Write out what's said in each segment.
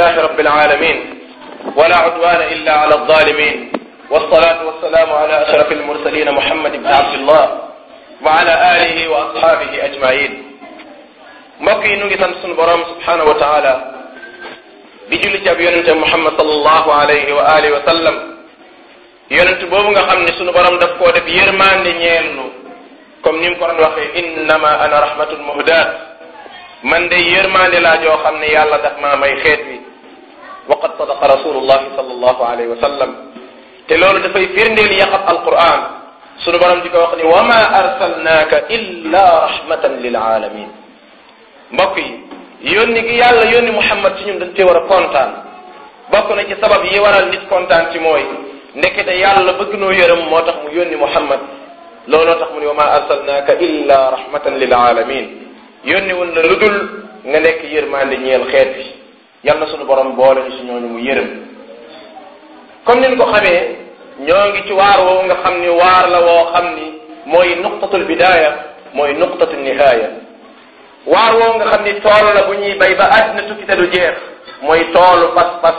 لله رب العالمين ولا عدوان إلا على الظالمين والصلاة والسلام على أشرف المرسلين محمد بن عبد الله وعلى آله وأصحابه أجمعين mbokk yi nu ngi sant sunu borom subhanahu wa taala di julli ci ab yonente muhammad sallallahu alayhi wa alihi wa sallam yonente boobu nga xam ne sunu borom daf koo def yërmande ñeel nu comme ni mu ko doon waxee innama ana rahmatul muhdaat man de yërmande laa joo xam ne yàlla daf maa may xeet wi waqad sadaqa rasulullahi sallallahu alayhi wa sallam te loolu dafay firndeel yaqat alquran sunu borom di ko wax ni wa ma arsalnaaka illa rahmatan lil alamin mbokk yi yónni gi yàlla yónni muhammad ci ñun dañ cee war a kontaan bokk na ci sabab yi waral nit kontaan ci mooy ndekete yàlla bëgg noo yërëm moo tax mu yónni muhammad looloo tax mu ni wa ma arsalnaaka illa rahmatan lil alamin yónni woon la lu dul nga nekk yërmande ñeel xeet bi yàlla sunu borom boole ñu si mu yërëm comme niñ ko xamee ci waar woowu xam ni waar la woo xam ni mooy nuqtatul bidaaya mooy nuqtatul nihaaya waar woowu xam ni tool la bu ñuy bay ba àddina tukki te du jeex mooy toolu pas-pas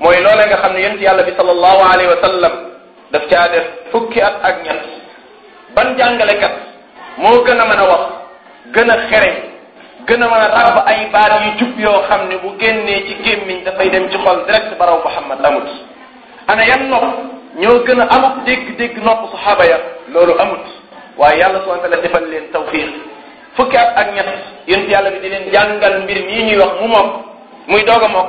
mooy loolee nga xam ne yonent yàlla bi sallallahu alayhi wa sallam daf caa fukki at ak ñett ban jàngalekat moo gën a mën wax gën a xereñ gën a mën a raab ay baat yu jub yoo xam ne bu génnee ci gémmiñ dafay dem ci xol direct baraw Muhammad amut ana yan nopp ñoo gën a amut dégg-dégg nopp saxaaba ya loolu amut waaye yàlla subhanahu wa taala defal leen tawfiq fukki at ak ñett yéen yàlla bi di leen jàngal mbir mii ñuy wax mu moom muy doog a moom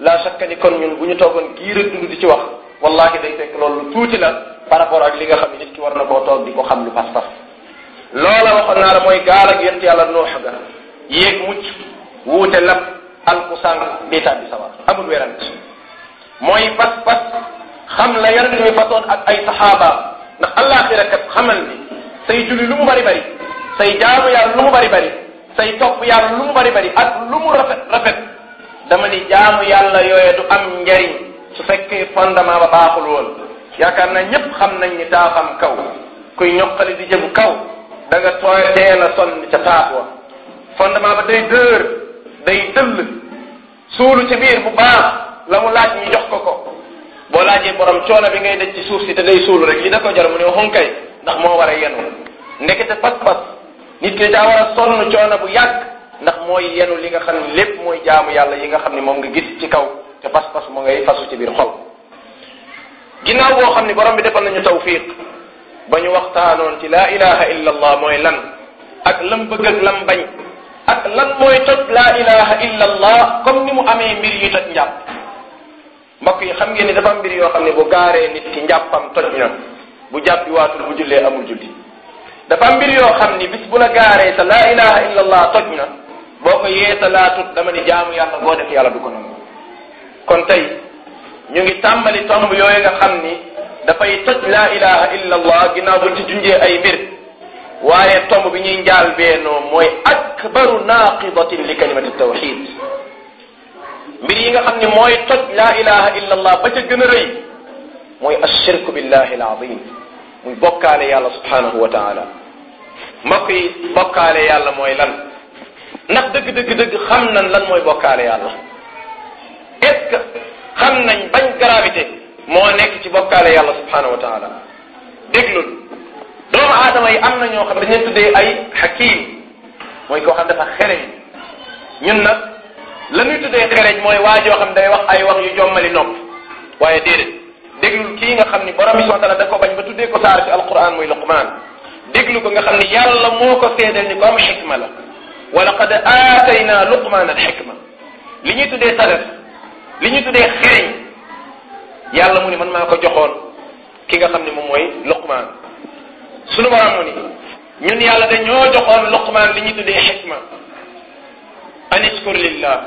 laa shakka ni kon ñun bu ñu toogoon giir a dund ci wax wallahi day fekk loolu tuuti la par rapport ak li nga xam ne nit ki war na koo toog di ko xam lu pas-pas loola waxoon naa mooy gaal ak yéen yàlla noox yéeg mucc wuute nag alku sànq day tàbbi sawar amul werante mooy pas-pas xam la yonent mi fasoon ak ay saxaabaam ndax allaaxira kat xamal ni say julli lu mu bari bari say jaamu yàlla lu mu bari bari say topp yàlla lu mu bari bari ak lu rafet rafet dama ni jaamu yàlla yooye du am njariñ su fekkee fondement ba baaxul woon yaakaar na ñépp xam nañ ni kaw kuy ñoqali di jëbu kaw da nga tooy teel a sonn ca taax fondement ba day dër day tëll suulu ci biir bu baax la mu laaj ñu jox ko ko boo laajee borom coono bi ngay daj ci suuf si ta day suulu rek li da ko jar mu ne xunkay ndax moo war a yenu ndekete pas-pas nit ki daa war a coono bu yàgg ndax mooy yenu li nga xam ne lépp mooy jaamu yàlla yi nga xam ne moom nga gis ci kaw te pas-pas mu ngay fasu ci biir xol ginnaaw boo xam ne borom bi defal nañu tawfiq ba ñu waxtaanoon ci laa ilaha illa allah mooy lan ak lam bëgg ak lam ak lan mooy toj laa ilaha illa allah comme ni mu amee mbir yi toj njàpp mbokk yi xam ngeen ni dafa am mbir yoo xam ne bu gaaree nit ki njàppam toj na bu jàppi waatul bu jullee amul dafa am mbir yoo xam ni bis bu sa laa ilaha illa allah toj na boo ko yeetalaatut dama ni jaamu yàlla boo def yàlla du ko nangu kon tey ñu ngi tàmbali tomb yooyu nga xam ni dafay toj laa ilaha illa allah ginnaaw bu ci junjee ay mbir waaye tomb bi ñuy njaal beenoo mooy akbaru naqidatin li kalimati tawxid mbir yi nga xam ne mooy toj laa ilaha illa allah ba ca gën a rëy mooy ashirku billahi alazim muy bokkaale yàlla subhanahu wa taala mbokk bokkaale yàlla mooy lan ndax dëgg xam nañ lan mooy bokkaale yàlla est-ce xam nañ bañ gravité moo nekk ci bokkaale yàlla subhanahu wa taala aadama yi am na ñoo xam dañ leen tuddee ay hakim mooy koo xam dafa xereñ ñun nag la ñuy tuddee xereñ mooy waa joo xam day wax ay wax yu jommali nopp waaye déedéet déglu kii nga xam ni borom bi subhanahu wa taala da ko bañ ba tuddee ko saar ci alquran muy luqman déglu ko nga xam ni yàlla moo ko seedal ni ko am xikma la wa laqad aatayna luqman al xikma li ñuy tuddee salaf li ñuy tuddee xereñ yàlla mu ni man maa ko joxoon ki nga xam ni moom mooy luqman sunu borom mu ni ñun yàlla dañoo joxoon luqmaan li ñuy tuddee xikma an iskur lillah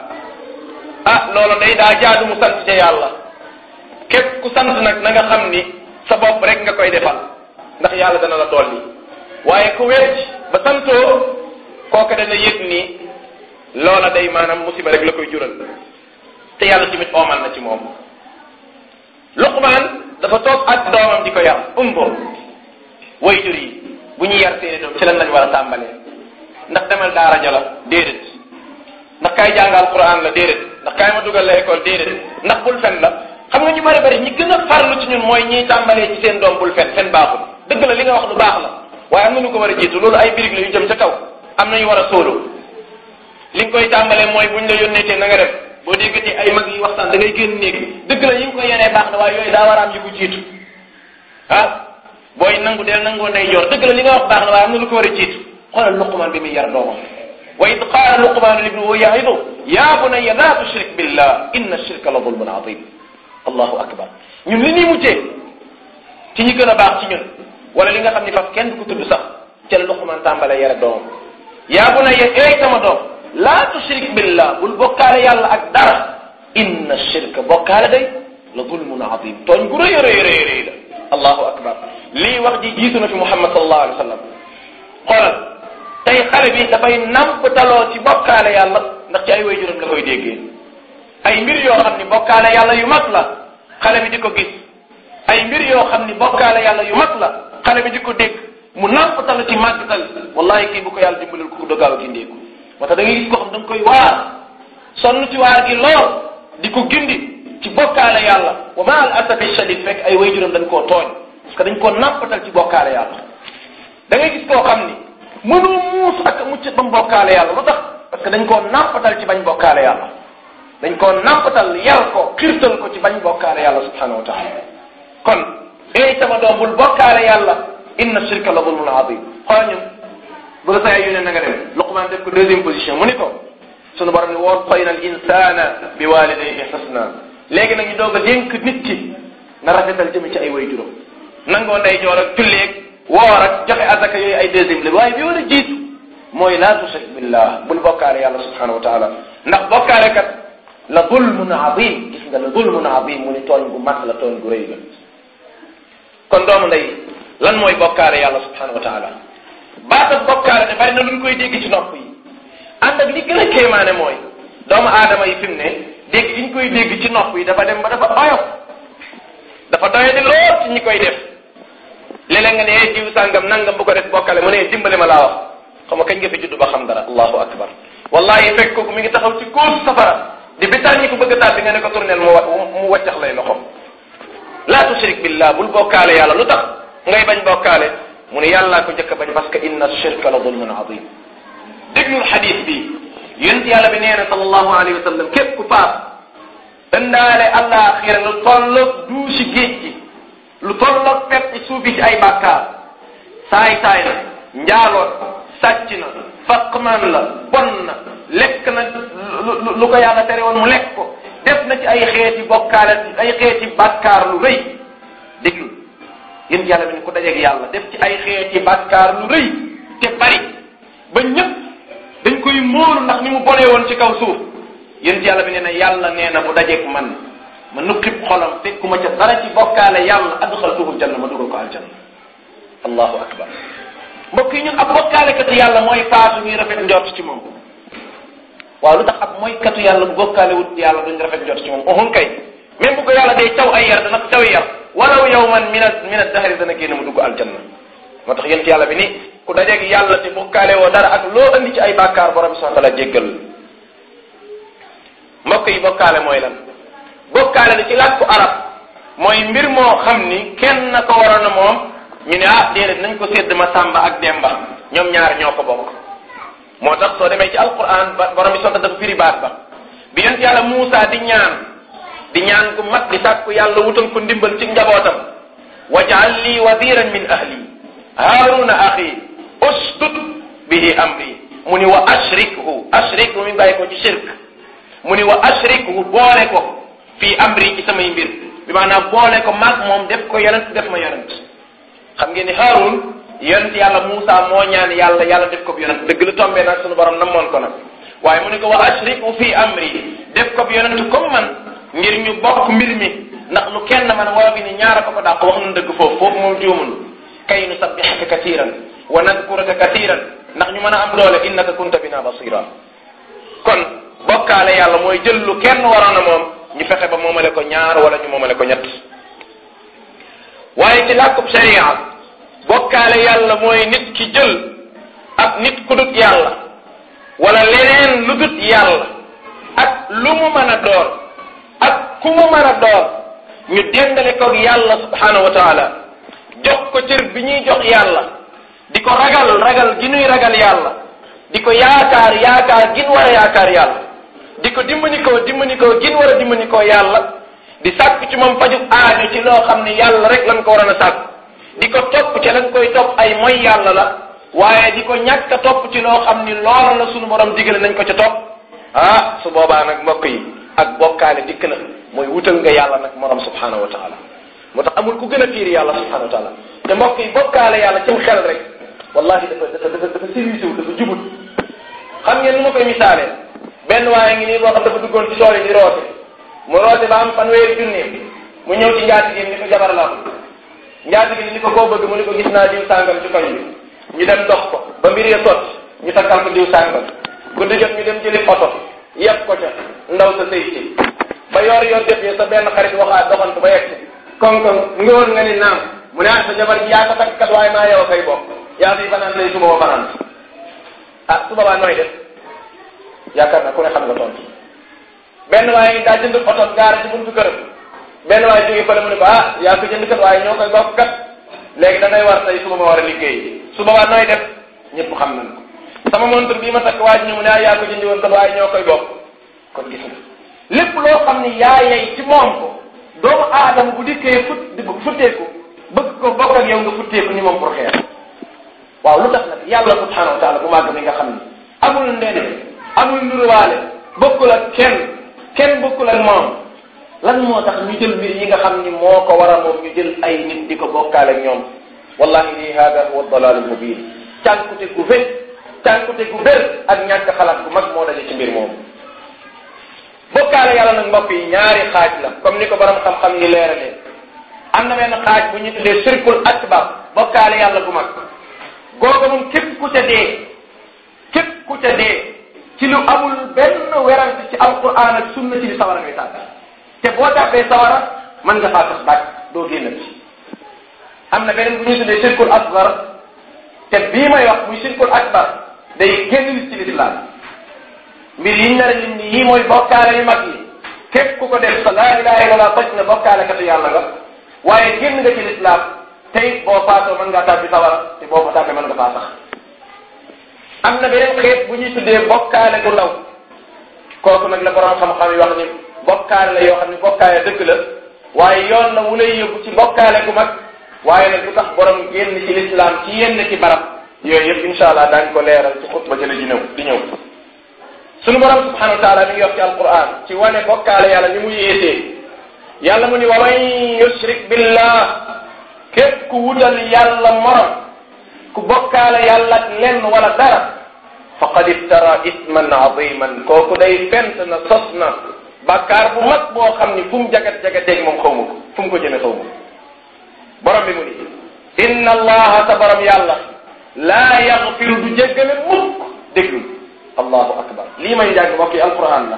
ah loolu day daa jaadu mu sant ca yàlla képp ku sant nag na nga xam ni sa bopp rek nga koy defal ndax yàlla dana la dolli waaye ku wér ba santoo kooka dana yëg ni loola day maanaam musiba rek la koy jural te yàlla tamit oomal na ci moom luqmaan dafa toog ak doomam di ko yar umbo wayjur yi bu ñu yar seeni doom ci lan lañ war a tàmbalee ndax demal daara ja la déedéet ndax kaay jàng alquran la déedéet ndax kaay ma dugal la école déedéet ndax bul fen la xam nga ñu bari bari ñi gën a farlu ci ñun mooy ñuy tàmbalee ci seen doom bul fen fen baaxul dëgg la li nga wax lu baax la waaye am na ñu ko war a jiitu loolu ay birig la yu jëm ca kaw am na ñu war a sóolu li nga koy tàmbalee mooy buñ la yónneetee na nga def boo déggatee ay mag yi waxtaan da ngay génn néeg dëgg la yi nga koy yenee baax na a am yu ko booy nangu del nangoo ndey joor dëgg la li nga wax baax na waaye am na lu ko war a jiitu xoolal luqmaan bi muy yar doomam wa id qaala luqmaanu libni wa yaidu ya bunayya la tushrik billah inna la zulmun azim allahu akbar ñun li ñuy mujjee ci gën a baax ci ñun wala li nga xam ni faf kenn ku tudd sax ca luqmaan tàmbalee yar doomam ya bunayya eey sama doom la tushrik billah bul bokkaale yàlla ak dara inna shirka bokkaale day la zulmun azim tooñ gu rëy rëy allahu akbar lii wax ji jiitu na fi muhammad sallallahu alayhi wa sallam xoolal tey xale bi dafay namptaloo ci bokkaale yàlla ndax ci ay waajuram ka koy déggee ay mbir yoo xam ni bokkaale yàlla yu mag la xale bi di ko gis ay mbir yoo xam ni bokkaale yàlla yu mag la xale bi di ko dégg mu namptalu ci màggatal wallahi kii bu ko yàlla dimbalul ko dogaaw a gindeeku moo tax da ngay xam da koy waar sonn ci waar gi lool di ko gindi ci bokkaale yàlla wa ma al asafi ay wayjuram dañ koo tooñ parce que dañ koo nàppatal ci bokkaale yàlla da gis koo xam ni mënoo muus ak mucc mu bokkaale yàlla lu tax parce que dañ koo nàppatal ci bañ bokkaale yàlla dañ koo nàmpatal yar ko xirtal ko ci bañ bokkaale yàlla subhanahu wa taala kon ey eh sama doom bul bokkaale yàlla inna shirka la zulmun azim xool ñun bu la saa yu ne na nga dem luqman def ko deuxième position mu ni ko sunu borom ni wa wasayna léegi nag ñu doog a dénk nit ki na rafetal jëm ci ay way juróom nangoo ndey joor ak julleeg ak joxe azaka ay deuxième la waaye bi war a mooy laa tushrik billah bul bokkaare yàlla subhanahu wa taala ndax bokkaale kat la zulmun azim gis nga la zulmun azim mu ni tooñ gu mag la tooñ gu rëy kon doomu ndey lan mooy bokkaale yàlla subhanahu wa taala baatab bokkaale te bari na luñ koy dégg ci nopp yi ànd ak li a mooy doomu aadama yi fi ne dégg gi ñu koy dégg ci nopp yi dafa dem ba dafa oyof dafa doye di lool ñi koy def léeg-léeg nga ne eh, diw sàngam nangam bu ko def bokkale mu ne dimbale ma laa wax xam nga kañ nga fi judd ba xam dara allahu akbar wallahi fekk kooku mi ngi taxaw ci góosu safara di bitaan ñi ko bëgg a taal bi nga ne ko tourneel mu wa mu wàccax lay loxom laa tushrik billah bul bokkaale yàlla lu tax ngay bañ bokkaale mu ne yàllaa ko njëkk a bañ parce que inna shirka la zulmun azim déglul xadis bi yonent yàlla bi nee na sallallahu alayhi wa sallam képp ku faat ëndaale àllaaxira lu tolloog duusi géej gi lu tolloog pepp suufi ci ay bàkkaar saay-saay la njaaloot sàcc na faqman la bon na lekk na lu ko yàlla tere woon mu lekk ko def na ci ay xeeti bokkaale ay xeeti bàkkaar lu rëy déglu yonent yàlla bi ne ku yàlla def ci ay xeeti bàkkaar lu rëy te bari ba dañ koy móolu ndax ni mu bonee woon ci kaw suuf yéen ci yàlla bi nee na yàlla nee na mu dajeeg man ma nuqib xolam fekkuma ca dara ci bokkaale yàlla adxaltuhul janna ma dugal ko aljanna allahu akbar mbokk yi ñun ab bokkaalekat yàlla mooy paasu ñuy rafet njort ci moom waaw lu tax ab mooy katu yàlla bu bokkaale wut yàlla duñ rafet njort ci moom oxun kay même bu ko yàlla day taw ay yar dana taw yar walaw yawman min a ad-dahri dana génn mu al aljanna moo tax yéen ci yàlla bi ku dajeeg yàlla te bokkaale woo dara ak loo andi ci ay bàkkaar borom bi subhanahu wa jéggal mbokk yi bokkaale mooy la bokkaale la ci làkku arab mooy mbir moo xam ni kenn na ko waroon a moom ñu ne ah déedéet nañ ko sédd ma Samba ak Demba ñoom ñaar ñoo ko bokk moo tax soo demee ci alquran ba borom bi sonta dafa firi baat ba bi yonent yàlla Muusa di ñaan di ñaan ku mat di sàkku yàlla wutal ko ndimbal ci njabootam wajaal lii waziran min ahli haaruna axi ustud bihi amri mu ni wa ashrikhu ashrikhu mi bàyyi ko ci shirk mu ni wa ashrikhu boole ko fii amri ci samay mbir bi maanaam boole ko maag moom def ko yonent def ma yonent xam ngeen ni Haarun yonent yàlla Muusa moo ñaan yàlla yàlla def ko bi yonent dëgg la tombee nag sunu na namoon ko na waaye mu ne ko wa ashrikhu fii amri def ko bi yonent comme man ngir ñu bokk mbir mi ndax nu kenn man wala bi ni ñaara ko ko dàq wax nu dëgg foofu foofu moom juumul kay nu sabbihaka wa ndax ñu mën a am doole innaka kunta bina kon bokkaale yàlla mooy jël lu kenn waroon a moom ñu fexe ba moomale ko ñaar wala ñu moomale ko ñett waaye ci làkkub sharia bokkaale yàlla mooy nit ki jël ak nit ku yàlla wala leneen lu dut yàlla ak lu mu mën a doon ñu dendale koog yàlla subhanahu wa jox ko cër bi ñuy jox yàlla di ko ragal ragal gi nuy ragal yàlla di ko yaakaar yaakaar gin war a yaakaar yàlla di ko dimbanikoo dimbanikoo gin war a dimbanikoo yàlla di sàkk ci moom fajub aaju ci loo xam ne yàlla rek lañ ko waroon a sàkk di ko topp ca lañ koy topp ay mooy yàlla la waaye di ko ñàkk a topp ci loo xam ni loola la sunu borom digale nañ ko ca topp ah su boobaa nag mbokk yi ak bokkaale dikk na mooy wutal nga yàlla nag morom subhanahu wa taala moo tax amul ku gën a fiir yàlla subhanahu wa taala te mbokk yi bokkaale yàlla ci mu xel rek wallahi dafa dafa dafa dafa civilisé jubut xam ngeen nu ma koy misaale benn waaye ngi nii boo xam dafa duggoon ci tool yi di roote mu roote ba am fanweeri junni mu ñëw ci njaatige ni ko jabar la njaatige ni ko koo bëgg mu ni ko gis naa diw sàngam ci koñ bi ñu dem dox ko ba mbir ya sot ñu takkal ko diw sàngam guddi jot ñu dem jëli oto yeb ko ca ndaw sa sëy ci ba yor yor jotee sa benn xarit waxaat doxal ko ba yegg kon kon nga woon nga ni naam mu ne ah sa jabar ji yaa ko yaa fi fanaan lay suba ma fanaan ah su boobaa nooy def yaakaar naa ku ne xam nga tontu benn waaye daa jënd oto gaar ci buntu këram benn waaye jógee fële mu ne ko ah yaa ko jënd kat waaye ñoo koy bokk war liggéey su boobaa nooy ñëpp xam nañ ko sama montre bii ma takk waa ah, ko jëndi woon koy bokk kon gis nga lépp loo xam ne yaa yey ci moom ko doomu aadama bu dikkee fut futteeku bëgg ko bokk ak yow nga futteeku ni moom pour xeer waaw lu tax nag yàlla subhanahu wa taala mi nga xam ni amul ndene amul nduruwaale bokkul ak kenn kenn bokkul ak moom lan moo tax ñu jël mbir yi nga xam ni moo ko war a moom ñu jël ay nit di ko bokkaale ak ñoom wallahi lii hada huwa dalalul mubin cànkute gu wét cànkute gu bér ak ñàkk xalaat bu mag moo daje ci mbir moomu bokkaale yàlla nag mbokk yi ñaari xaaj la comme ni ko borom xam-xam ni leeralee am na benn xaaj bu ñu tuddee sirkul akbar bokkaale yàlla gu mag kooku moom képp ku ca dee képp ku ca dee ci lu amul benn werante ci alquran ak sunna ci li sawara ngay tàbbi te boo tàbbee sawara mën nga faa sax bàcc doo génn ci am na beneen bu ñuy tuddee shirkul akbar te bii may wax muy shirkul akbar day génn nit ci lislaam mbir yi ñu nar a lim ni yii mooy bokkaale yu mag yi képp ku ko def sa laa ilaha illallah toj na bokkaale katu yàlla nga waaye génn nga ci lislaam te it boo faatoo mën ngaa tàbbi sawara boo ko tàmmee mën nga faa sax am na beneen xeet bu ñuy tuddee bokkaale bu ndaw kooku nag la borom xam-xam yi wax ni bokkaale la yoo xam ne bokkaale dëkk la waaye yoon la wu lay ci bokkaale bu mag waaye nag lu tax borom génn ci lislaam ci yenn ci barab yooyu yëpp incha ko leeral ci xutba ci la di ñëw di ñëw wa taala mi ngi wax ci alquran ci wane bokkaale yàlla ni mu yéetee yàlla mu ni wa man yushrik billah képp ku wutal yàlla morom ku bokkaale yàlla ak lenn wala dara faqad iftara isman aziman kooku day fent na sos bu mag boo xam ni fu mu jagat jagateeg moom ma ko fu mu ko jëme xaw ma ko borom bi mu ni inna allaha ta borom yàlla laa yaxfiru du jéggale mukk déglu allahu akbar la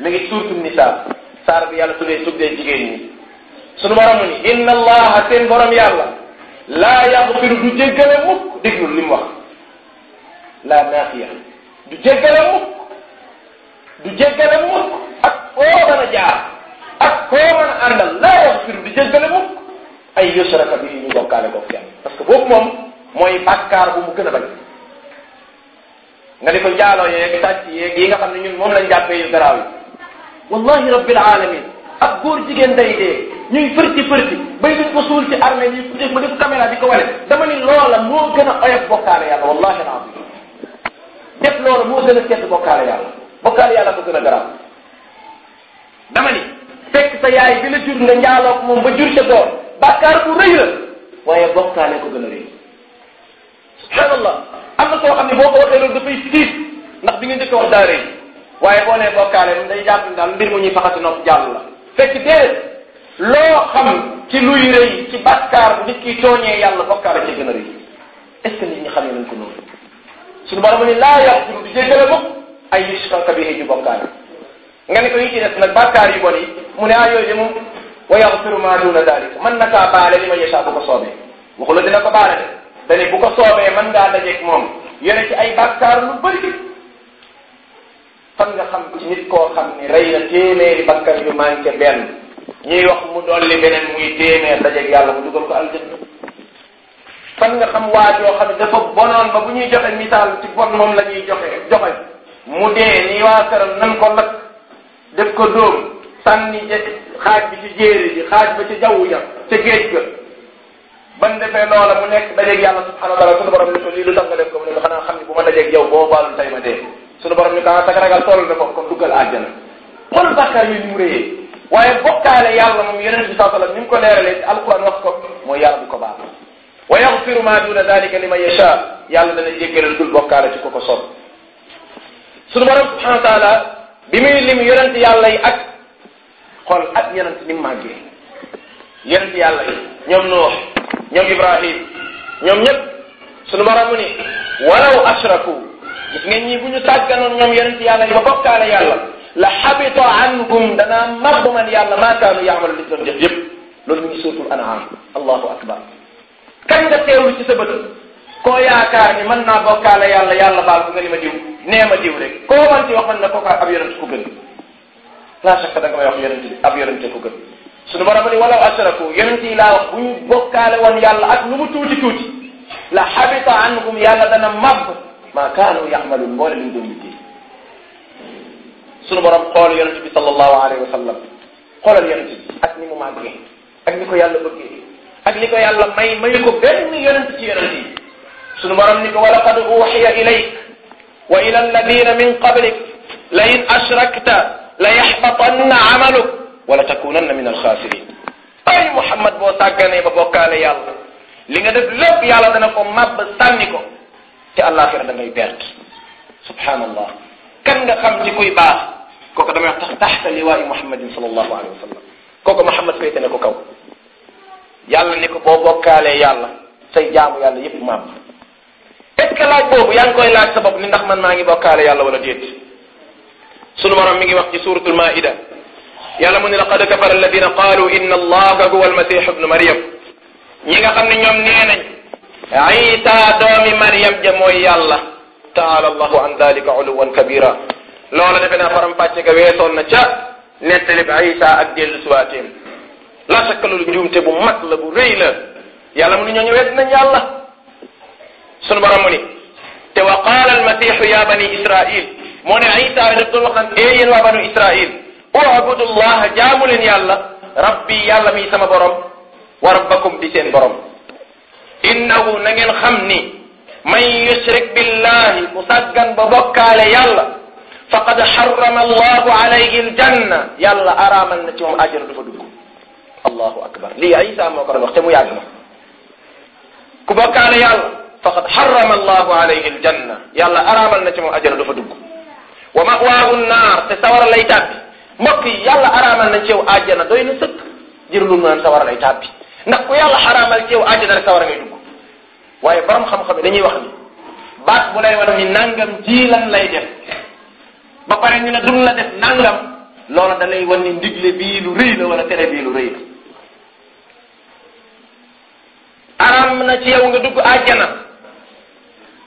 mi ngi suurtu nisa saar bi yàlla tuddee tuddee jigéen ñi sunu borom mu ni inna allaha seen borom yàlla laa yaxfiru du jéggale mukk déglul li mu wax laa naafiya du jéggale mukk du jéggale mukk ak koo mën jaar ak koo mën laa yaxfiru du jéggale mukk ay yusraka bi ñu bokkaale ko kenn parce que boobu moom mooy bàkkaar bu mu a bañ nga di ko njaaloo yeeg sàcc yeeg yi nga xam ne ñun moom lañ jàppee yu garaaw yi wallahi rabbil alamin ak góor jigéen day dee ñuy fërti fërti bay dañ ko suul ci armée yi def ma def caméra di ko wane dama ni loola moo gën a oyof bokkaale yàlla wallahi alazim def loola moo gën a tedd bokkaale yàlla bokkaale yàlla ko gën a garaaw dama ni fekk sa yaay bi la jur nga njaalook moom ba jur sa doom bàkkaar bu rëy la waaye bokkaale ko gën a rëy subhanallah am na koo xam ne boo ko waxee loolu dafay tiit ndax bi nga njëkk a wax daa rëy waaye boo nee bokkaale day jàpp ne mu ñuy faxati nopp jàll loo xam ci luy rëy ci bàkkaar nit ki tooñee yàlla bàkkaar a ci gën a rëy est ce que nit ñi xamee nañ ko suñu borom ni laa yaxfiru di jéggale mukk ay yushraka bihi ñu bokkaale nga ne ko yi ci des nag bàkkaar yu mu ne ah yooyu de moom wa yaxfiru ma duna dalika man na kaa baale li ma yesaa bu ko soobee waxu la dina ko baale de dane bu ko soobee mën ngaa dajeeg moom yore ci ay bàkkaar lu bëri fan nga xam ci nit koo xam ne rey na téeméeri bàkkaar yu ñuy wax mu dolli beneen muy téeméer dajeeg yàlla mu dugal ko aljanna fan nga xam waa joo xam ne dafa bonoon ba bu ñuy joxe misaal ci bon moom la ñuy joxe joxe mu dee ni waa këram nan ko lakk def ko dóom sànni xaaj bi ci jéeri ji xaaj ba ci jaww ja ca géej ga ban defee loola mu nekk dajeeg yàlla subhanahu wa taala sunu borom ni ko lii lu tax nga def ko mu ne xanaa xam ne bu ma dajeeg yow boo baalul tey ma dee sunu borom ni ko ah sa ragal toll waaye bokkaale yàlla moom yonent bi saa sallam ni mu ko leeralee ci alquran ko mooy yàlla du ko baal wa yaxfiru ma duna yàlla dana jéggalal dul bokkaale ko ko sob sunu borom subhanahu wa taala yi ak xool ak yonent ni mu màggee yonent yàlla yi ñoom Nuux ñoom Ibrahim ñoom ñëpp sunu borom mu ni walaw ashraku gis ngeen ñi bu ñu tàgganoon ñoom yonent yàlla yi ba bokkaale yàlla la xabita anhum danaa mabbu man yàlla maa kaanu yaamalu li doon def yëpp loolu mi ngi suuratul an'am allahu akbar kañ nga teewlu ci sa bët koo yaakaar ni mën naa bokkaale yàlla yàlla baal ko nga ni ma diw nee ma diw rek koo man ci wax man na kooka ab yonent ku gën la shakka da nga may wax yonent bi ab yonent ku gën suñu borom ni walaw ashraku yonent yi laa wax bu ñu bokkaale woon yàlla ak lu mu tuuti tuuti la xabita anhum yàlla dana mab maa kaanu yaxmaluun mboole luñ doon liggéey sunu borom xool yonent bi sallallahu alayhi wa sallam xoolal yonent bi ak ni mu màggee ak ni ko yàlla bëggee ak li ko yàlla may mayu ko benn yonent ci yonent yi sunu borom ni ko wa laqad uxiya ilayk wa ila alladina min qablik la in ashrakta la yaxbatanna amaluk wala takunanna min alxaasirin ay Muhammad boo sàgganee ba bokkaale yàlla li nga def lépp yàlla dana ko màbb sànni ko te àllaaxira da ngay perte subhaanallah kan nga xam ci kuy baax kooku damay wax tax taxta liwaayi muhammadin sallallahu alayhi wa sallam kooku muhammad féete ne ko kaw yàlla ne ko boo bokkaalee yàlla say jaamu yàlla yépp maam est-ce que laaj boobu yaa ngi koy laaj sa bopp ni ndax man maa ngi bokkaale yàlla wala déet sunu borom mi ngi wax ci suratul maida yàlla mu ne laqad kafara alladina qaalu inna allaha huwa almasih ibnu maryam ñi nga xam ne ñoom nee nañ isa doomi maryam ja mooy yàlla taala allahu an dalika uluwan kabira loola defe naa faram fàcce ga weesoon na ca nettali bi Isa ak dellu suwaateem la sakk loolu njuumte bu mag la bu rëy la yàlla mu ni ñooñu wedd nañ yàlla sunu borom mu ni te wa qaala ya bani israil moo ne Isa daf doon wax naan ee yéen waa banu israil ubudu llaha jaamu leen yàlla rabbi yàlla mi sama borom wa rabbakum di seen borom innahu na ngeen xam ni man yushrik billahi ku sàggan ba bokkaale yàlla faqad harrama allahu alayhi aljanna yàlla araamal na ci moom àjjana du fa dugg allahu akbar lii isa moo ko doon wax te mu yàgg ma ku bokkaale yàlla faqad harrama allahu alayhi aljanna yàlla araamal na ci moom àjjana du fa dugg wa mawaahu naar te sawara lay tàbbi mbokk yi yàlla araamal na ci yow àjjana doy na sëkk jërlu naan sawara lay tàbbi ndax ku yàlla xaraamal ci yow àjjana rek sawara ngay dugg waaye borom xam-xam yi dañuy wax ni baat bu lay wan ni nangam ji lan lay def ba pare ñu ne duñ la def nangam loola da lay wan ni ndigle bii lu rëy la wala tere bii lu rëy la na ci yow nga dugg àjjana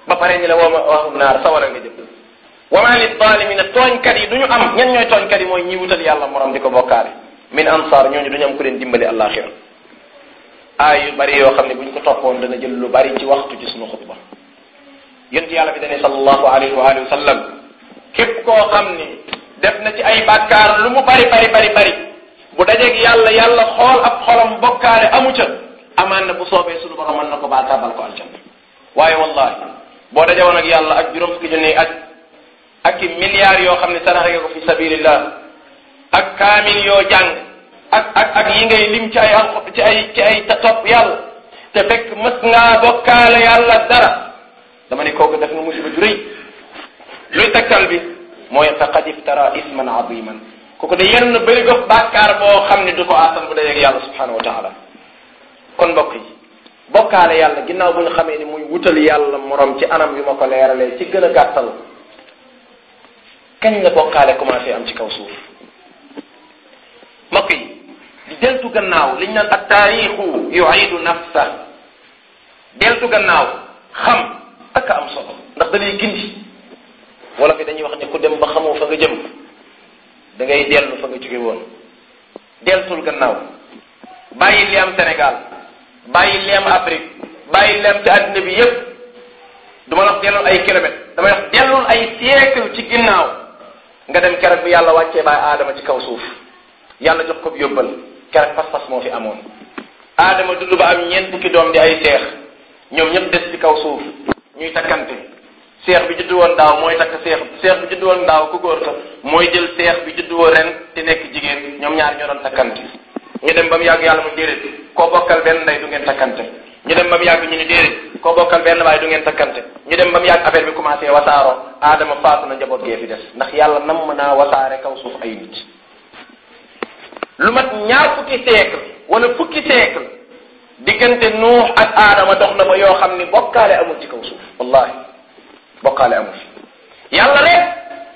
ba pare ñu ne woo ma waxum naar sawara nga jëm wama li taalimina tooñkat yi du am ñen ñooy tooñkat yi mooy ñi wutal yàlla morom di ko bokkaale min ansaar ñooñu du ñu am ku leen dimbali àllaaxira aay yu bari yoo xam ne bu ñu ko toppoon dana jël lu bari ci waxtu ci sunu xutba yonent yàlla bi dane sallallahu alayhi wa alihi képp ko xam ni def na ci ay bàkkaar lu mu bari bari bari bari bu dajeeg yàlla yàlla xool ab xolam bokkaale amu ca amaan na bu soobee suñu borom na ko baal tàbbal ko aljanna waaye wallahi boo daje woon ak yàlla ak juróom fukki junni ak ak i yoo xam ne saraxe ko fi sabilillah ak kaamil yoo jàng ak ak ak lim ci ay ci ay te fekk mës ngaa bokkaale yàlla dara dama ne kooku def nga musiba ju luy takkal bi mooy faqad iftara isman aziman kooku de yenn bëri gox bàkkaar boo xam ne du ko attan bu dajeeg yàlla subhanahu wa taala kon mbokk yi bokkaale yàlla ginnaaw bu ñu xamee ni muy wutal yàlla morom ci anam yu ma ko leeralee ci gën a gàttal kañ la bokkaale commencé am ci kaw suuf mbokk yi di deltu gannaaw liñ naan ak taarixu yuidu nafsa deltu gannaaw xam ak am solo ndax da lay gindi wolof yi dañuy wax ne ku dem ba xamoo fa nga jëm da ngay dellu fa nga jóge woon deltul gannaaw bàyyi li am senegal bàyyi li am Afrique bàyyi li am ci àddina bi yépp du ma wax dellul ay kilomètres damay wax dellul ay siècle ci ginnaaw nga dem keroog bi yàlla wàccee baay aadama ci kaw suuf yàlla jox ko yóbbal keroog pas-pas moo fi amoon aadama dund ba am ñeent fukki doom di ay seex ñoom ñëpp des ci kaw suuf ñuy takkante seex bi juddu woon daaw mooy takk seex seex bi juddu woon daaw ku góor ka mooy jël seex bi juddu woon ren te nekk jigéen ñoom ñaar ñoo doon takkante ñu dem ba mu yàgg yàlla mu déedéet koo bokkal benn ndey du ngeen takkante ñu dem ba yàgg ñu ni déedéet koo bokkal benn waaye du ngeen takkante ñu dem ba mu yàgg affaire bi commencé wasaaroo aadama faatu na njaboot gee fi des ndax yàlla namm naa wasaare kaw suuf ay nit lu mat ñaar fukki siècle wala fukki siècle diggante nuux ak aadama dox na fa yoo xam ni bokkaale amul ci kaw su bokkaale amul yàlla rek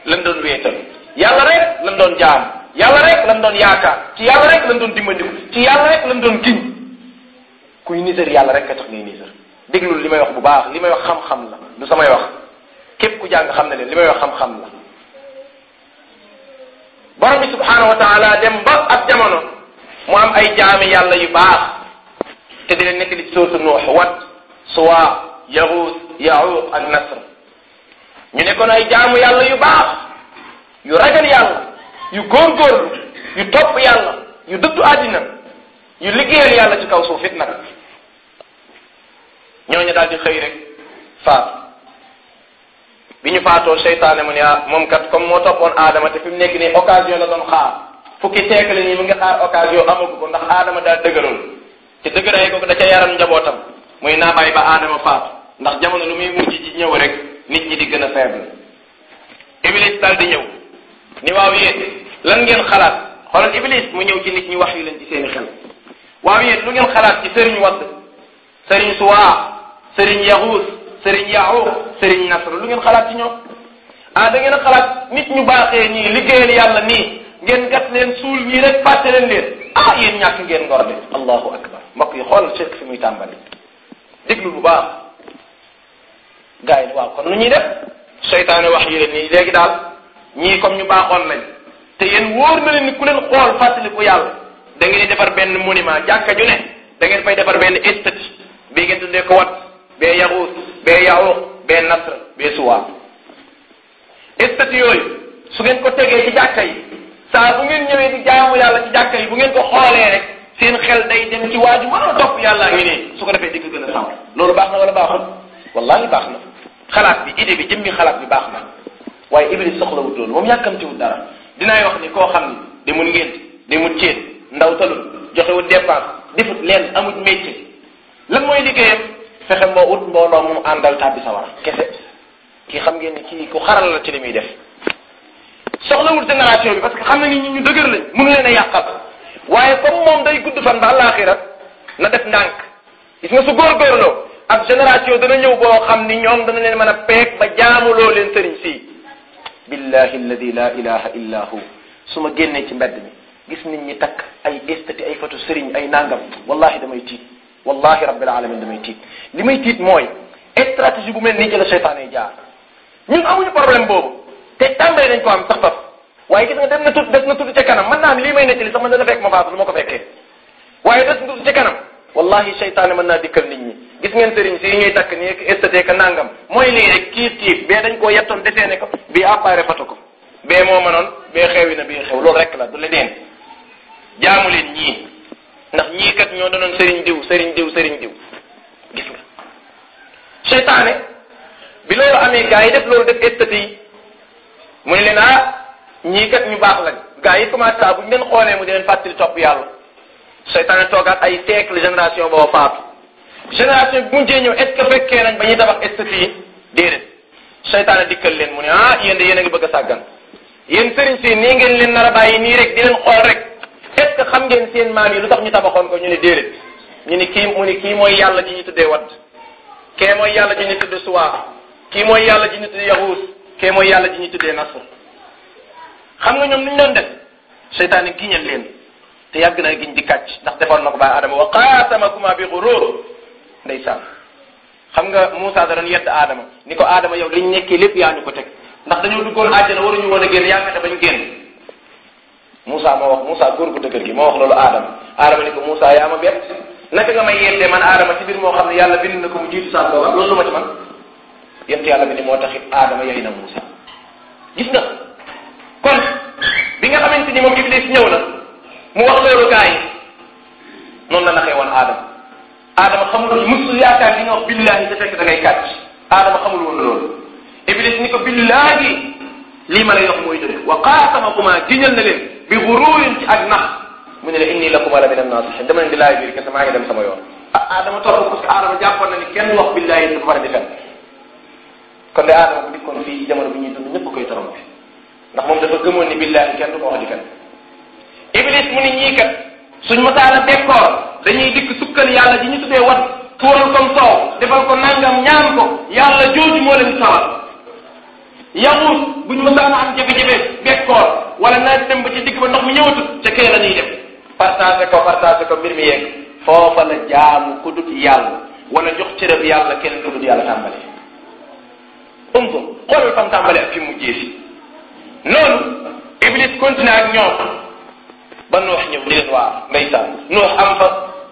lañ doon wéetal yàlla rek lañ doon jaam yàlla rek lañ doon yaakaar ci yàlla rek lañ doon dimbandiku ci yàlla rek lañ doon giñ kuy nisër yàlla rek ka tax ngay nisër déglul li may wax bu baax li may wax xam-xam la du samay wax képp ku jàng xam ne leen li may wax xam-xam la borom bi subhaanahu dem ba ab jamono mu am ay jaami yàlla yu baax te di leen nekk li ci sóortu nuux wat suwaa yaxuus yaxuuq ak nasr ñu nekkoon ay jaamu yàlla yu baax yu ragal yàlla yu góorgóorlu yu topp yàlla yu dëddu àddina yu liggéeyal yàlla ci kaw suuf it nag ñooñu daal di xëy rek faatu bi ñu faatoo seytaane mu ne ah, moom kat comme moo toppoon aadama te fi mu nekk nii occasion la doon xaar fukki teekale nii mu ngi xaar occasion amagu ko ndax aadama daal dëgëroon te dëgëray ko da ca yaram njabootam muy naa bàyyi ba aadama faatu ndax jamono lu muy mujj ji ñëw rek nit ñi di gën a faible iblis di ñëw ni waaw yéen lan ngeen xalaat xoolal iblis mu ñëw ci nit ñi wax yu leen seeni xel waaw yéen lu ngeen xalaat ci sëriñ wadd sëriñ suwaa sëriñ yaxuus sëriñ yaaxuux sëriñ nasr lu ngeen xalaat ci ñoom ah da ngeen a nit ñu baaxee li liggéeyal yàlla nii ngeen gat leen suul ñii rek fàtte leen leen ah yéen ñàkk ngeen ngor de allahu akbar mbokk yi xoolal shirk fi muy tàmbali déglu gars yi waaw kon nu ñuy def seytaane wax yi leen nii léegi daal ñii comme ñu baaxoon lañ te yéen wóor na leen ni ku leen xool fàttaliku yàlla da ngeen defar benn monument jàkka ju ne da ngeen fay defar benn statue bi ngeen tuddee ko wat bee yaxuus bee yaxuux bee nasr bee suwaa statue yooyu su ngeen ko tegee ci jàkka yi saa bu ngeen ñëwee di jaamu yàlla ci jàkka yi bu ngeen ko xoolee rek seen xel day dem ci waaju mën a topp yàlla ngi nii su ko defee di ko gën a sàmm baax na wallahi baax na xalaat bi idée bi jëmmi xalaat bi baax na waaye iblis soxlawut loolu moom yàkkamtiwul dara dinaay wax ni koo xam ni demul di demul ceet ndaw talul joxewul dépense defut leen amuj métier la mooy liggéeyam fexe moo ut mbooloo mu àndal tàbbi sa war kese kii xam ngeen ni kii ku xaral la ci li muy def soxlawul génération bi parce que xam na ni ñu dëgër lañ mënu leen a yàqal waaye comme moom day gudd fan ba àllaaxira na def ndànk gis nga su góorgóorloo ab génération dana ñëw boo xam ni ñoom dana leen mën a peeg ba jaamuloo leen sëriñ si billahi alladi la ilaha illa hu su ma génnee ci mbedd mi gis nit ñi takk ay estati ay photo sëriñ ay nangam wallahi damay tiit wallahi rabbil alamin damay tiit li may tiit mooy stratégie bu mel nii ci la seytaane yi jaar ñun amuñu problème boobu te tàmbali nañ ko am sax faf waaye gis nga dem na tudd des na tudd ca kanam mën naa am lii may nettali sax man dana fekk ma faatu du ma ko fekkee waaye des na tudd seytaane mën naa dikkal nit gis ngeen sëriñ si ñuy takk nii estaté ka nangam mooy lii rek kiif kiif bee dañ koo yettoon desee ne ko bii appareil photo ko bee moo mënoon bee yi na bii xew loolu rek la du leneen jaamu leen ñii ndax ñii kat ñoo doonoon sëriñ diw sëriñ diw sëriñ diw gis nga seytaane bi loolu amee gaa yi def loolu def estaté yi mu ne leen ah ñii kat ñu baax lañ gaa yi commencé saa bu ñu leen xoolee mu di leen fàttali topp yàlla seytaane toogaat ay siècle génération boo faatu génération bi mujjee ñëw est ce que fekkee nañ ba ñuy tabax estati yi déedéet seytaane dikkal leen mu ne ah yéen de yéen ngi bëgg a sàggan yéen sëriñ si nii ngeen leen nar a bàyyi nii rek di leen xool rek est ce xam ngeen seen maam yi lu tax ñu tabaxoon ko ñu ne déedéet ñu ni kii mu ni kii mooy yàlla ji ñu tuddee wadd kee mooy yàlla ji ñu tuddee suwaa kii mooy yàlla ji ñu tuddee yahuus kee mooy yàlla ji ñu tuddee nasr xam nga ñoom nu ñu doon def seytaane giñal leen te yàgg na giñ di kàcc ndax defoon na ko baa ndeysaan xam nga Moussa da doon yedd Adama ni ko Adama yow dañ nekkee lépp yaa ñu ko teg ndax dañoo duggoon àjjana waruñu woon a génn yaa fexe bañ génn moo wax Moussa góor gu dëgër gi moo wax loolu Adama Adama ni ko Moussa yaa ma bett naka nga may yeddee man Adama ci biir moo xam ne yàlla bind na ko mu jiitu saa booba loolu lu ma ci man yett yàlla ma ni moo taxit Adama yey na Moussa gis nga kon bi nga xamante ni moom Iblis ñëw na mu wax loolu gaa yi noonu la naxee woon Adama Adama xamul woon musul yaakaar li nga wax billahi te fekk da ngay kàcc Adama xamul woon loolu Iblis ni ko billahi lii ma lay wax mooy dëgg wa qaasamahuma giñal na leen bi gururin ak nax mu ne la inni la min annasihin dama leen di laaj biir sama yoon ah Adama toog parce Adama jàppoon na ni kenn wax billahi dafa a kon de Adama bu dikkoon fii jamono bi ñuy dund ñëpp koy torom bi ndax moom dafa gëmoon ni billahi kenn du ko wax di fen Iblis mu ni ñii kat suñ masaala dañuy dikk sukkal yàlla ji ñu tuddee wat tuural ko soow defal ko nangam ñaan ko yàlla jooju moo leen sawal yaxuus buñ mësaan a am jafe-jafe bekkoor wala naaj dem ba ci digg ba ndox mi ñëwatul ca kee la ñuy dem partagé ko partagé ko mbir mi yeeg foofa la jaamu ku dut yàlla wala jox cërëb yàlla kenn ku dut yàlla tàmbale um ko xoolal fam tàmbale ak fi mujjee si noonu iblis continué ak ñoom ba noox ñëw di leen waar ndeysaan noox am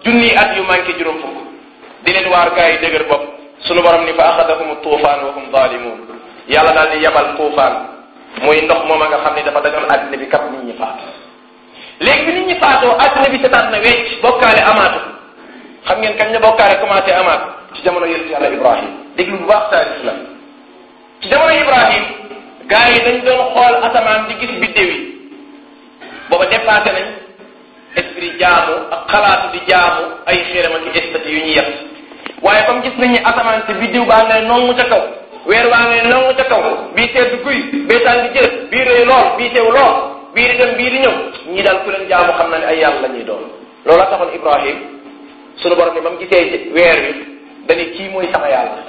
junni at yu manqué juróom fukk di leen waar gaa yi dëgër bopp sunu borom ni fa axadahum tuufaan wa hum zalimun yàlla daal di yabal tuufaan muy ndox moom a nga xam ne dafa dajoon àddina bi kap nit ñi faatu léegi bi nit ñi faatoo àddina bi setaat na wecc bokkaale amaatu xam ngeen kañ la bokkaale commencé amaat ci jamono yonent yàlla Ibrahim déglu bu baax taarif la ci jamono Ibrahim gaa yi dañ doon xool asamaan di gis biddéw yi booba dépassé nañ esprit jaamu ak xalaatu di jaamu ay xéeram ak yu ñuy yet waaye comme gis nañu asamaan si biddiw baa ngay nongu ca kaw weer baa ngay nongu ca kaw bii seddu guy bii bi jër bii rëy lool bii teew lool bii dem bii di ñëw ñii daal ku leen jaamu xam na ne ay yàlla la ñuy doon loola taxoon Ibrahim sunu borom ni ba mu gisee weer wi dañu kii mooy sama yàlla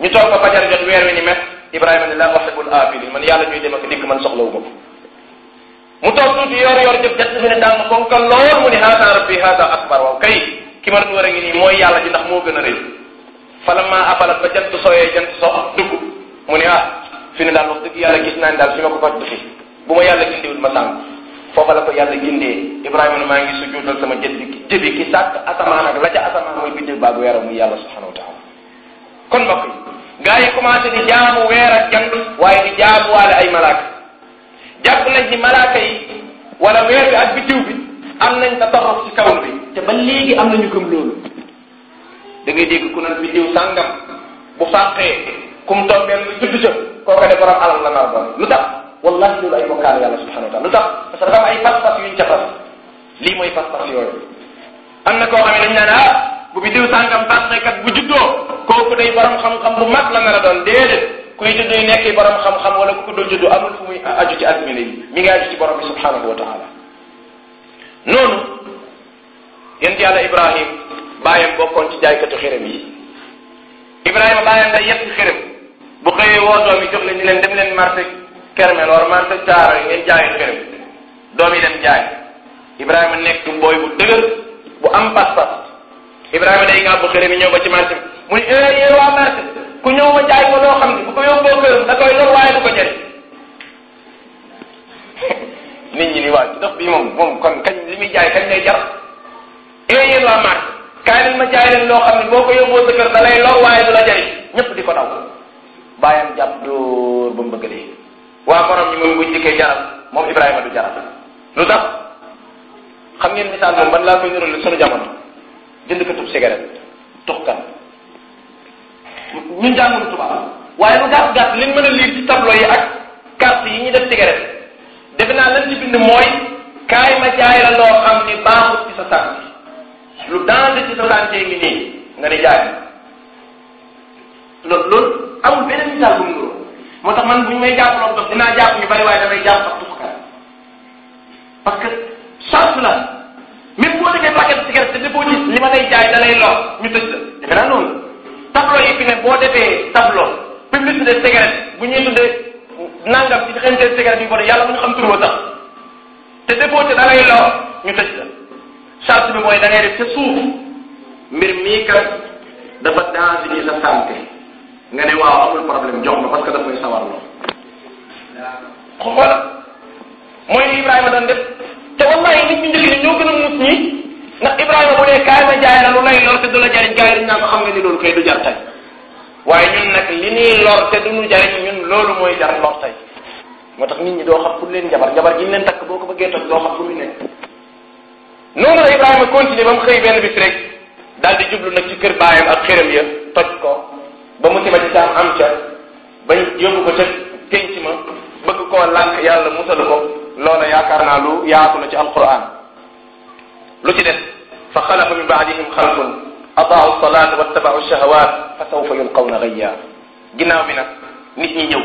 ñu toog ba fajar jot weer wi ni met Ibrahima ni laa uhibbu al-aafiliin man yàlla ñuy dem ak dikk man soxlawu mu toog tuuti yor yor jëf jant bi ne daal ma fonkal lool mu ne haada rabbi haada akbar waaw kay ki ma doon war a ngi nii mooy yàlla ji ndax moo gën a rëy falamma afalat ba jant sooyee jant soo ak mu ne ah fi ne daal wax dëgg yàlla gis naa ne daal fi ma ko fàtt fi bu ma yàlla gindiwul ma sànq foofa la ko yàlla gindee Ibrahima ne maa ngi sujjuudal sama jëbi jëbi ki sàkk asamaan ak la ca asamaan mooy biddew baag weeram muy yàlla subhanahu wa taala kon mbokk yi gaa yi di jaamu weer ay malaaka jàpp nañ ni malaaka yi wala weer bi ak biddiw bi am nañ tatarruf ci kawn bi te ba léegi am nañu gëm loolu da ngay di ku naan biddiw sàngam bu sàqee ku mu tombeel bi tudd ca kooka de borom alal la nar ba lu wallahi loolu ay bokkaale yàlla subhanahu wa taala lu tax parce que dafa am ay fas-fas yuñ ca fas lii mooy fas-fas yooyu am na ko xam ne dañ naan ah bu biddiw sàngam baax kat bu juddoo kooku day borom xam-xam bu la nar a doon déedéet kuy juddu yi nekk borom xam-xam wala ku dul juddu amul fu muy aju ci admina yi mi gaa aju ci borom bi subhanahu wa taala noonu yent yàlla ibrahim bàyyam bokkoon ci jaaykatu xërëm yi ibrahima bàyyam woo doom yi jox leen ni leen dem leen marché kermel war marché caaro yi ngeen jaayi xërëm doom yi dem jaay ibrahima nekk mbooy bu dëgër bu am pas-pas ibrahima day ngàbbu xërëm yi ñëw ba ci marché bi muy eh, yéen waa marché ku ñëw ma jaay ko loo xam ne bu ko yóbboo këram da koy lor waaye du ko jëriñ nit ñi ni waa dox bi moom moom kon kañ li muy jaay kañ lay jar ee eh, yéen waa marché kaay leen ma jaay leen loo xam ne boo ko yóbboo sa kër da lay lor waaye du la jëriñ ñëpp di ko daw bàyyam jàpp dóor ba mu bëgg dee waa borom ñi moom buñ dikkee jaral moom Ibrahima du jaral lu tax xam ngeen misaal moom ban laa koy niral sunu jamono jënd ko tub cigarette tuxkan ñu jàngul tubaab waaye lu gàtt gàtt liñ mën a lire ci tableau yi ak carte yi ñu def cigarette defe naa lan ci bind mooy ma jaay la loo xam ni baaxut ci sa santé lu danger ci sa santé ngi nii nga ne jaay loolu loolu amul beneen misaal bu mu nuroo moo tax man bu ñu may jàppaloo dox dinaa jàpp waaye damay jàpp sax tufukaay parce que chance la même boo defee paquet de cigarette li ma lay tableau yi fi ne boo defee tableau publicité cigarette bu ñuy tuddee nangam ci xëntee cigarette yi ko def yàlla bu ñu xam turba sax te defoo te da ngay lor ñu tëj la charte bi mooy da ngay def ca mbir mii kat dafa danger sa santé nga ne waaw amul problème jox ma parce que daf may sawar loo xoola mooy Ibrahima doon def te wallahi nit ñu njëkk ñoo gën a muus ñi ndax a bu dee kaay ma jaay la lu lay lor te la jariñ gars yi dañ naan xam nga ni loolu kay du jar tey waaye ñun nag li ñuy lor te du jariñ loolu mooy jar lor tey moo tax nit ñi doo xam pour leen jabar jabar gi ñu leen takk boo ko bëggee toj doo xam pour ñu nekk noonu la Ibrahima continué ba mu xëy benn bis rek daal di jublu nag ci kër baayam ak xëram ya toj ko ba mu tiba ci saam am ca bañ yóbbu ko ca penc ma ko koo lànk yàlla musalu ko loola yaakaar naa lu yaatu la ci alquran ci des fa xalafa min baadihim xalfun adaau a wattabau shahawaat fa sawfa yulqawna gayya ginnaaw bi nag nit ñi ñëw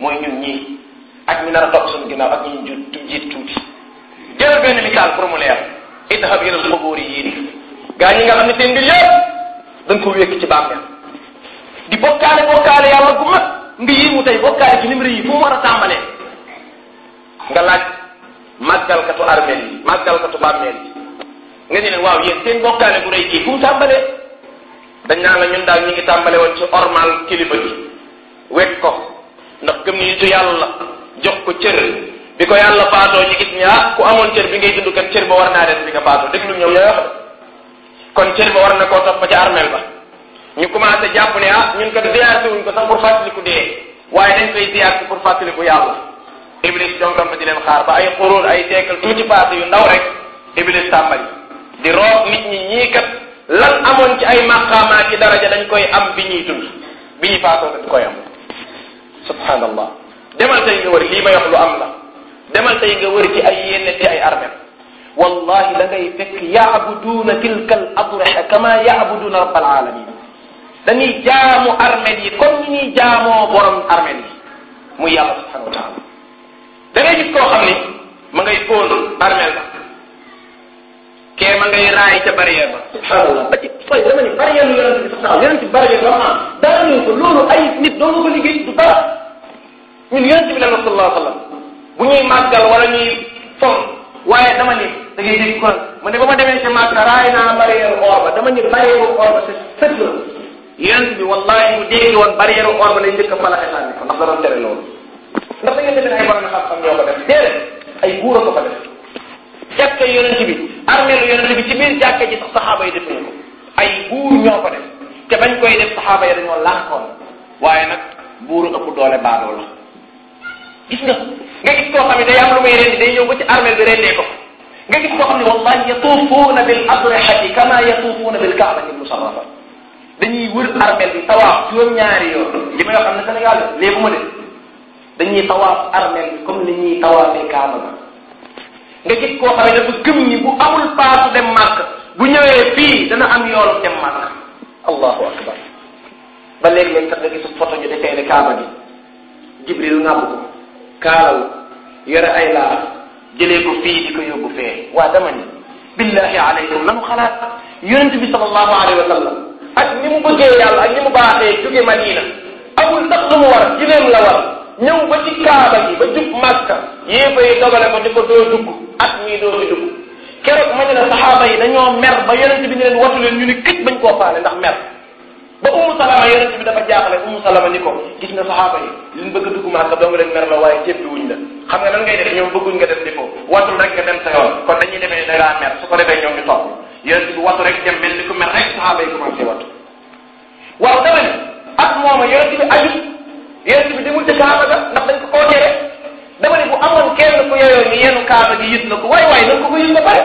mooy ñun ñii ak ñu nar a topp suñu ginnaaw ak ñu jiit tuuti jëlal benn likaal pour mu leer ila alxubuuri yiin gaa nga xam ne seen mbir yëpp dañ ko wékk ci bàmmeel di bokkaale bokkaale yàlla gu mag nga yéemu tey bokkaale ci numéro fu mu war a nga laaj màggalkatu armeel yi màggalkatu nga ne waaw yéen seen bokkaale bu rëy gii fu tàmbalee dañ naan la ñun daal ñu ngi tàmbale woon ci ormal kilifa gi wekk ko ndax gëm nitu yàlla jox ko cër bi ko yàlla faatoo ñu gis ni ah ku amoon cër bi ngay dund kat cër war naa des bi nga faatoo déglu kon cër ba war na koo topp ca armeel ba ñu commencé jàpp ne ah ñun kat ziyaar wuñ ko sax pour fàttaliku dee waaye dañ koy ziyaar si pour fàttaliku yàlla iblis jongamb di leen xaar ba ay xuróon ay teekal tuuti passé ndaw rek iblis tàmbali di roob nit ñi ñii kat lan amoon ci ay maqaamaa ci daraja dañ koy am bi ñuy dund bi ñuy faatoo dañ koy am subhanallah demal tey nga wër lii may wax am la demal tey nga ci ay yenn ci ay armel wallahi da ngay fekk yaabuduuna tilka al adrexa kama yaabuduuna rabbal alamin dañuy jaamu armel yi comme ni jaamoo borom armel muy yàlla subhanahu wa taala da ngay gis koo ni ma ngay fóon armel la kee ma ngay raay ca barrière ba. subhanallah ba ci fooy dama ni barrière lu yonent bi sax yonent bi barrière ba mu am dara ñu ko loolu ay nit doo nga ko liggéey du dara ñun yonent bi la na sallallahu alayhi wa sallam bu ñuy màggal wala ñuy fom waaye dama ni da ngay dégg kon mu ne ba ma demee ca Màkka raay naa barrière or ba dama ni barrière or ba c'est sëg la yonent bi wallahi mu dégg woon barrière or ba lañ njëkk a falaxe sànni ko ndax da doon tere loolu ndax da ngeen defe ne ay borom xam-xam ñoo ko def déedéet ay buur a ko fa def jàkka yonent bi armeelu yonent bi ci biir jàkka ji sax saxaaba yi def nañ ko ay buur ñoo ko def te bañ koy def saxaaba yi dañoo làqoon waaye nag buuru ëpp doole baadoo la gis nga nga gis koo xam ne day am lu muy rendi day ñëw ba ci armeel bi rendee ko nga gis koo xam ne wallahi yatuufuuna bil adrihati kama yatuufuuna bil kaabati musarrafa dañuy wër armeel bi tawaaf juróom-ñaari yoon li ma yoo xam ne Sénégal léegi mu de dañuy tawaaf armeel bi ni ñuy tawaafee kaaba nga gis koo xam ne dafa gëm bu amul paasu dem màkk bu ñëwee fii dana am yoolu dem màkk allahu akbar ba léeg-léeg sax nga gisu photo ñu defee ne kaaba gi jibril nàbb ko kaalal yore ay laa jëlee ko fii di ko fee waa dama ni billahi alaykum lanu xalaat yonent bi sallallahu alayhi wa sallam ak ni mu bëggee yàlla ak ni mu baaxee jóge madina amul ndax lu mu war jileem la war ñëw ba ci kaaba gi ba jub màkka yéefa yi dogale ko di ko doo dugg at mii doo di dugg keroog Madina saxaaba yi dañoo mer ba yonent bi ne leen watu leen ñu ni këj bañ koo faale ndax mer ba Umu Salama yonent bi dafa jaaxle Umu Salama ni ko gis nga saxaaba yi liñ bëgg a dugg màkka dong leen mer la waaye jébbi wuñ la xam nga nan ngay def ñoom bëgguñ nga dem di ko watul rek nga dem sa yoon kon dañuy demee ne dangaa mer su ko defee ñoom ñu topp yonent bi watu rek dem mel ni ku mer rek saxaaba yi commencé watu waaw dama ne at mooma yonent bi ajut yonent bi demul ci kaaba ga ndax ko koo tere dama ne bu amoon kenn ku yeyoo ni yenu kaaba gi yit na ko waay waay nan ko ko yit ba pare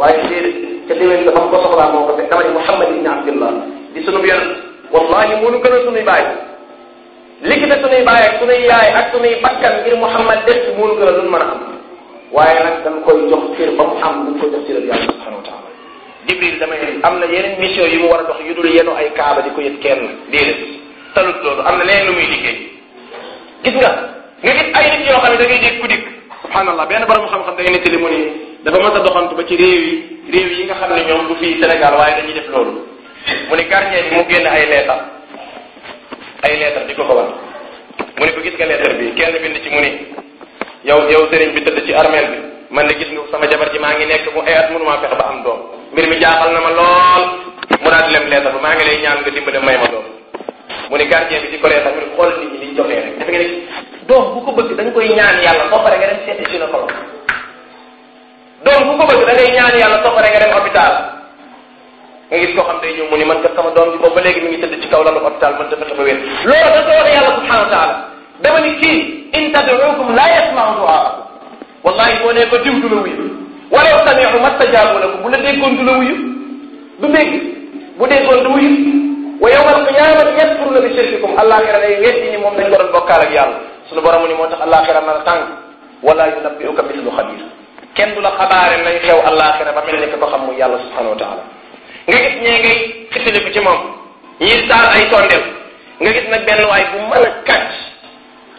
waaye déedéet ca déwén nga xam ko soxlaa moo ko fekk dama ne Muhammad ibn Abdullah di sunub yonent wallahi moo nu gën a sunuy baay liggéey sunuy baay ak sunuy yaay ak sunuy bakkan ngir Muhammad def ci nu gën a lun mën a am waaye na dañ koy jox cër ba mu am ko jox cëral yàlla subhanahu wa taala Jibril dama ne am na yeneen mission yu mu war a dox yu ay kaaba di ko talut loolu am na leen lu muy liggéey gis nga nga gis ay nit yoo xam ne da ngay ku dikk subhanallah benn borom xam-xam day ngay nettali mu ni dafa mën a doxantu ba ci réew yi yi nga xam ne ñoom du fii Sénégal waaye dañuy def loolu mu ni gardien bi mu génn ay leetar ay leetar di ko ko wan mu ni ko gis nga leetar bi kenn bind ci mu ni yow yow bi tëdd ci armeel bi man de gis nga sama jabar ji maa ngi nekk mu ay at ba am doom mbir mi jaaxal na ma lool mu daal di lem leetar ba maa ngi lay ñaan nga dimbale mu ne gardien bi ci collège sax mu ne xoolal nit ñi liñ joxee rek dafa nga ne doom bu ko bëgg da nga koy ñaan yàlla soo pare nga dem seeti gynécologue doom bu ko bëgg da ngay ñaan yàlla soo pare nga dem hôpital nga gis koo xam day ñëw mu ni man kat sama doom bi boobu ba léegi mi ngi tëdd ci kaw lalu hôpital man dafa dafa wér loolu da ko wax yàlla subhanahu wa taala dama ni kii in tad'ukum la yasma'u du'aakum wallahi ko diw du la wuyu walaw sami'u mastajaabu la ko bu la déggoon du la bi shirkikum àllaaxira day ko doon bokkaal ak yàlla suñu borom ni moo tax àllaaxira man tànk wala yunabbiuka mislu kenn du la xabaare lay xew xam yàlla subhanahu wa taala nga gis ñee ngay xitiliku ci moom ñii saal ay sondeel nga gis nag benn waay bu mën a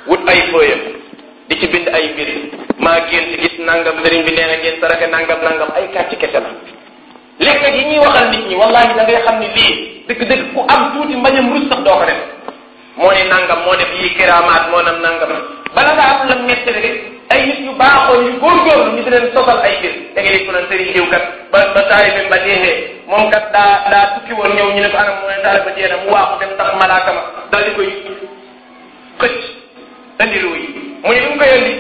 wut ay fooyam di ci bind ay mbir maa gént gis nangam sëriñ bi nee na ngeen sarake nangam nangam ay kàcc kese la lekkat yi ñuy waxal nit ñi wallahi da ngay xam ni lii dëgg-dëgg ku am tuuti mbañam rus sax doo ko moo ne nangam moo def yii kiraamaat moo nam nangam bala nga am lam nettali rek ay yu baaxoon yu góorgóorlu ñu di leen sosal ay gis da ngay ku naan ko anam mu mu waaxu dem tax ma daal di koy xëcc andi ruu yi mu ne lu mu koy andi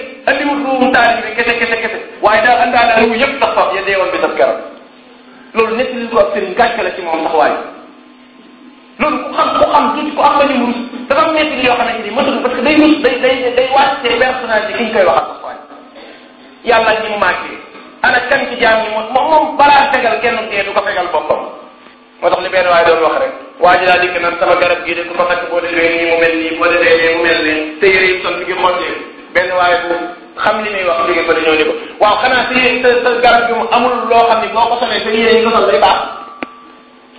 yëpp sax loolu nekk li ko la ci moom ndax waaye loolu ku xam ku xam tuuti ku am la ñu rus dafa nekk li yoo xam ne ni mësul parce que day rus day day day wàcce personnalité ki ñu koy waxal ndax waaye yàlla ni mu màccee ana kan ci jaam ñi moom moom balaa fegal kenn dee du ko fegal boppam moo tax li benn waaye doon wax rek waa ji daal dikk naan garab gii de ku ko fekk boo defee nii mu mel nii boo defee te yére yi son bi ngi mottee benn waaye boobu xam li muy wax jóge fa dañoo ni ko waaw xanaa sa yéen sa sa garab bi mu amul loo xam ni boo ko solee sa yére yi nga sol day baax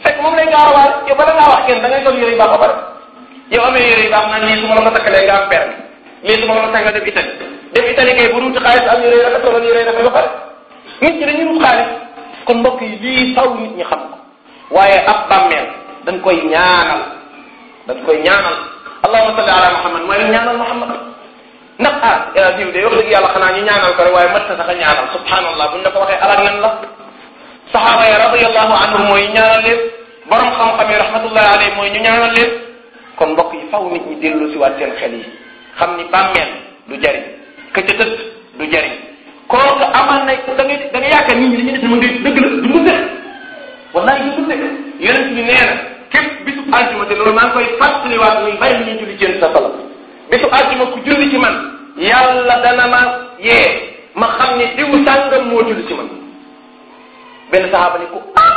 fekk moom lay gaarawaay yow bala ngaa wax kenn da sol yére yu baax ba pare yow amee yére yu baax naan lii su ma la ko takkalee nga am per lii su ma la ko takk nga def itali def itali kay bu dul ci xaalis am yére yi dafa soloon yére yi dafay ba pare nit ñi dañuy wut xaalis kon mbokk lii faw nit xam waaye ab bàmmeel dañ koy ñaanal dañ koy ñaanal allahumma salli ala muhammad ndax ah diw de wax dëgg yàlla xanaa ñu ñaanal ko rek waaye mat na sax a ñaanal subhanallah buñ la ko waxee alal nan la saxaaba ya radiallahu anhum mooy ñaanal leen borom xam-xam yi mooy ñu ñaanal kon mbokk yi faw nit ñi dellu si waat seen xam ni bàmmeel du jariñ ka ci tëdd du jariñ kooku amal na da ngay da nga yaakaar nit ñi li ñu def mu ngi dëgg la du mu def wallaay mu def yonent bi nee na ñu julli jën sa sala bisu àjjuma ku julli ci man yàlla dana ma yee ma xam ni diwu sàngam moo julli ci man benn saxaaba ni ko ah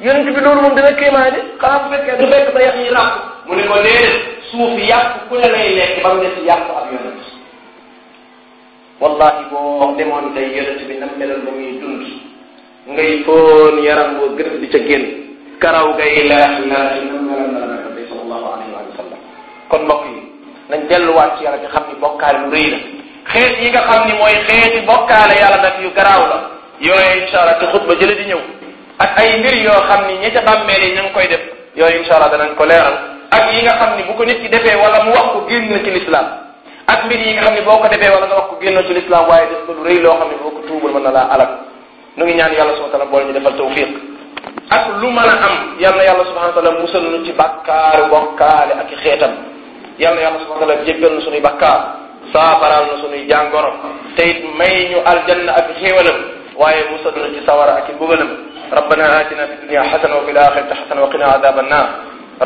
yonent bi loolu moom dana kéemaane xanaa bu fekkee du fekk sa yax yi mu ne ko déedéet suuf yàpp ku ne lay lekk ba mu des yàpp ab yonent wallahi boo demoon tey yonent bi nam meloon ba muy dund ngay foon yaram boo gën di ca génn karaw ngay laax laax nam meloon na la sallallahu alayhi wa sallam kon mbokk yi nañ delluwaat ci yàlla te xam ni bokkaale lu rëy la xeet yi nga xam ni mooy xeeti bokkaale yàlla nag yu garaaw la yooyu incha allah te xutba jële di ñëw ak ay mbir yoo xam ni ñi ca bàmmeel yi koy def yooyu incha allah danañ ko leeral ak yi nga xam ni bu ko nit ki defee wala mu wax ko ci lislaam ak yi xam ni boo ko defee wala nga wax ko génn na ci lislaam waaye def lu rëy loo xam ni boo ko tuubul mën na laa alal nu ngi ñaan yàlla subhana taala boole ñu defal tawfiq ak lu mën a am yal na yàlla subhana taala musal nu ci bàkkaaru bokkaale ak xeetam yal na yàlla subhanahu wa taala jéggal na sunuy bakkaar saafaraal na sunuy jàngoro te it may ñu aljanna ak xéewalam waaye musal na ci sawara ak i mbugalam rabbana atina fi dunia xasana wa fi laxirati xasana wa qina adaba annar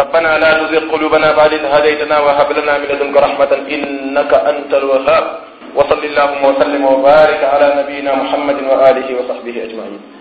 rabbana la tuzig qulubana baad id hadaytana wa hab lana min ladunka rahmatan innaka anta alwahab wa salli allahuma wa sallim wa barik ala nabiyina muhammadin wa alihi wa sahbihi ajmain